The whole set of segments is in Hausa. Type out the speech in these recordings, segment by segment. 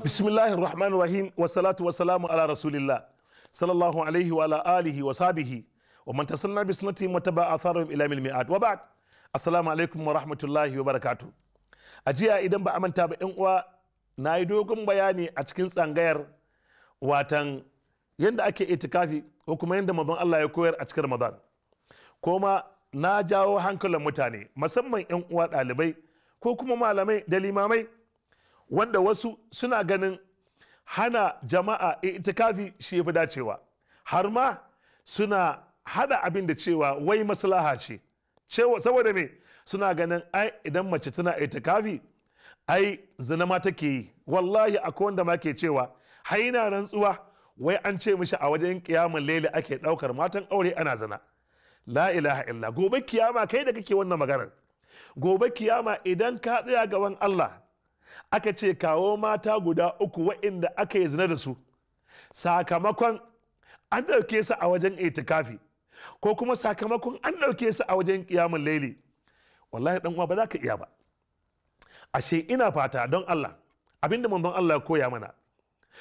bismillahi rahman rahim wa salatu wa salamu ala rasulillah sallallahu alaihi wa ala alihi wa sabihi wa man tasanna bi sunnati wa taba atharum ila mil mi'ad wa ba'd assalamu alaikum wa rahmatullahi wa barakatuh a idan ba amanta ba yan uwa na yi dogon bayani a cikin tsangayar watan yadda ake itikafi ko kuma yadda mazan Allah ya koyar a cikin Ramadan kuma na jawo hankalin mutane musamman 'yan uwa ɗalibai ko kuma malamai da limamai wanda wasu suna ganin hana jama'a itikafi shi ya fi dacewa har ma suna hada abin da cewa wai maslaha ce saboda me suna ganin ai idan mace tana itikafi ai zina ma take yi wallahi akwai wanda ma ke cewa haina rantsuwa wai an ce mishi a wajen kiyamun lele ake daukar matan aure ana zina la ilaha illa gobe kiyama kai da kake wannan maganar gobe kiyama idan ka tsaya gaban Allah aka ce kawo mata guda uku wa'inda aka yi zina da su sakamakon an ɗauke su a wajen itikafi ko kuma sakamakon an ɗauke su a wajen kiyamun laili wallahi dan uwa ba za ka iya ba ashe ina fata don Allah abinda manzon Allah ya koya mana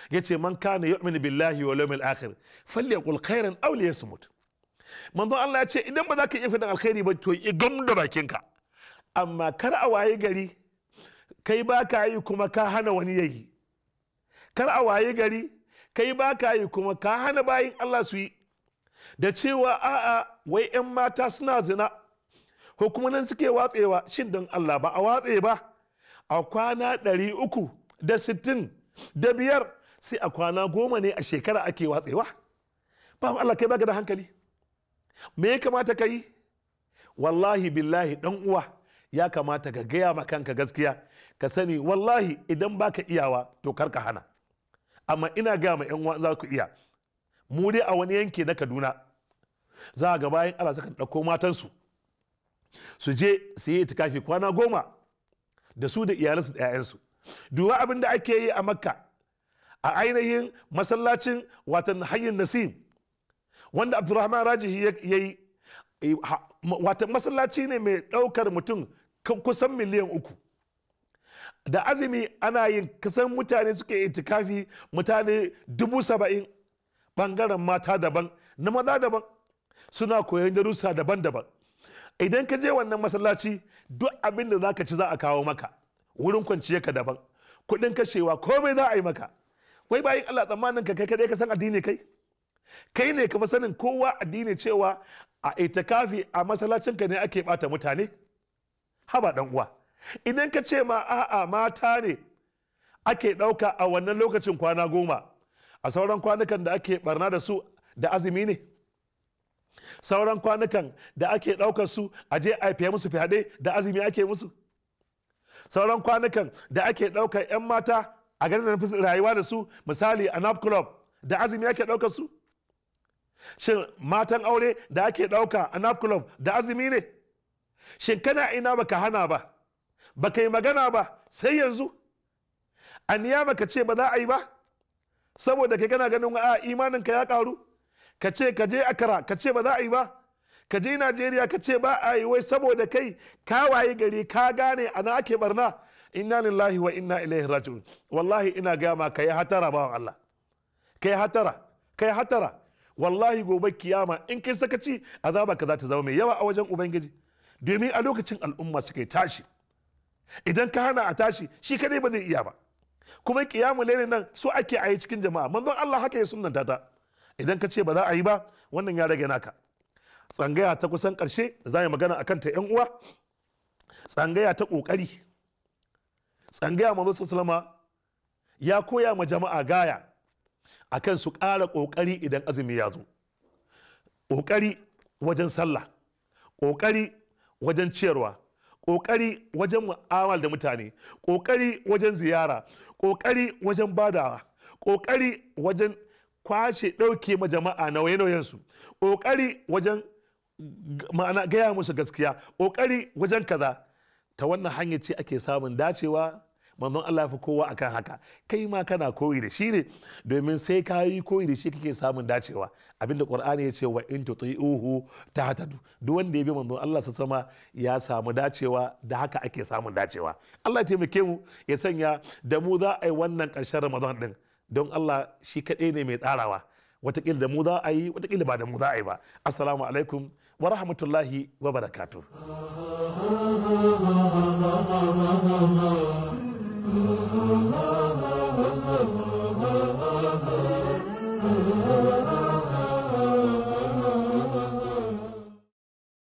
yace man kana yu'minu billahi wal yawmil akhir falyaqul khairan aw liyasmut manzon Allah ya ce idan ba za ka iya faɗin alkhairi ba to yi gam da ka amma kar a waye gari kai ba ka yi kuma ka hana wani ya yi kar a waye gari kai ba ka yi kuma ka hana bayin Allah su yi da cewa a'a wai 'yan mata suna zina ko kuma nan suke watsewa shin don Allah ba a watse ba a kwana ɗari uku da sittin da biyar sai a kwana goma ne a shekara ake watsewa ba Allah kai baka da hankali me ya kamata ka yi wallahi billahi dan uwa ya kamata ka gaya ma kanka gaskiya ka sani wallahi idan baka iyawa to kar ka hana amma ina gaya ma yan uwa za ku iya mu dai a wani yanki na Kaduna za ga bayan Allah sukan ɗauko matansu su je su yi itikafi kwana goma da su da iyalansu da 'ya'yansu duba abin da ake yi a makka a ainihin masallacin watan hayyin nasim wanda abdurrahman rajihi ya yi eh, wata masallaci ne mai ɗaukar mutum kusan miliyan uku da azumi ana yin kasan mutane suke itikafi mutane dubu saba'in Bangaren mata daban na maza daban suna koyon darussa daban-daban idan ka je wannan masallaci duk abin da zaka ci za a kawo maka wurin kwanciya ka daban kuɗin kashewa komai za a yi maka wai bayan allah tsammanin ka kai kaɗai ka san addini kai kai ne ka sanin kowa addini cewa a itikafi a masallacinka ne ake bata mutane haba dan uwa idan ka ce ma a'a mata ne ake ɗauka a wannan lokacin kwana goma a sauran kwanukan da ake barna da su da azumi ne sauran kwanukan da ake daukar su a je a fiye musu fyaɗe da azumi ake musu sauran kwanukan da ake ɗaukar 'yan mata a ganin rayuwa da su misali a nap club da azumi ake ɗaukar su shin matan aure da ake ɗauka a nap club da azumi ne shin kana ina baka hana ba baka yi magana ba sai yanzu aniya baka ce ba za a yi ba saboda kai kana ganin a imanin ka ya karu ka ce ka je akara ka ce ba za a yi ba ka je najeriya ka ce ba a yi wai saboda kai ka waye gari ka gane ana ake barna inna lillahi wa inna ilaihi raji'un wallahi ina gama ka yi hatara bawan allah ka hatara ka hatara wallahi gobe kiyama in kai sakaci azaba ka za ta zama mai yawa a wajen ubangiji domin a lokacin al'umma suka tashi idan ka hana a tashi shi kadai ba zai iya ba kuma kiyamu lele nan so ake a yi cikin jama'a manzon Allah haka ya sunnanta ta idan ka ce ba za a yi ba wannan ya rage naka tsangaya ta kusan karshe za yi magana akan ta yan uwa tsangaya ta kokari tsangaya manzo sallama ya koya ma jama'a gaya akan su ƙara ƙoƙari idan azumi ya zo ƙoƙari wajen sallah ƙoƙari wajen ciyarwa ƙoƙari wajen mu'amal da mutane ƙoƙari wajen ziyara ƙoƙari wajen badawa ƙoƙari wajen kwashe ɗauke ma jama'a nauye su ƙoƙari wajen ma'ana gaya musu gaskiya ƙoƙari wajen kaza ta wannan hanyar ce ake samun dacewa manzon Allah fi kowa akan haka kai ma kana koyi da shi ne domin sai ka yi koyi da shi kake samun dacewa abinda qur'ani ya ce wa in tuti'uhu tahtadu duk wanda ya bi manzon Allah sa sama ya samu dacewa da haka ake samun dacewa Allah ya taimake mu ya sanya da mu za a yi wannan ƙarshen Ramadan din don Allah shi kaɗai ne mai tsarawa watakila da mu za a yi watakila ba da mu za a yi ba assalamu alaikum wa rahmatullahi wa barakatuh